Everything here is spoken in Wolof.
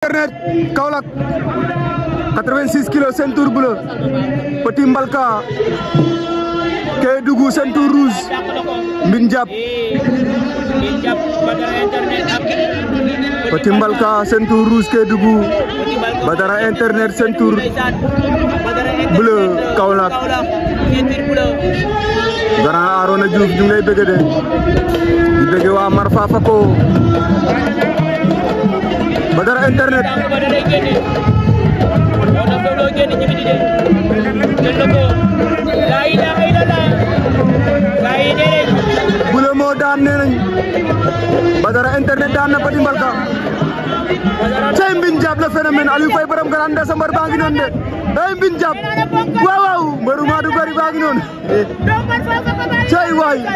internet Kaolack 86 kilo ceinture bleu Petit ke dugu sentur rus minjap petimbalka Petit rus ke dugu Badara internet sentur bulu Kaolack Grand Arona Diouf ñu ngi lay bëgg Marfa Fako Badara internet bu le internet daan na Petit Mbarka tey Mbine Diap le phénomène Aliou Faye borom baa ngi noonu de tey Mbine Diap waaw waaw bari baa ngi noonu tey waay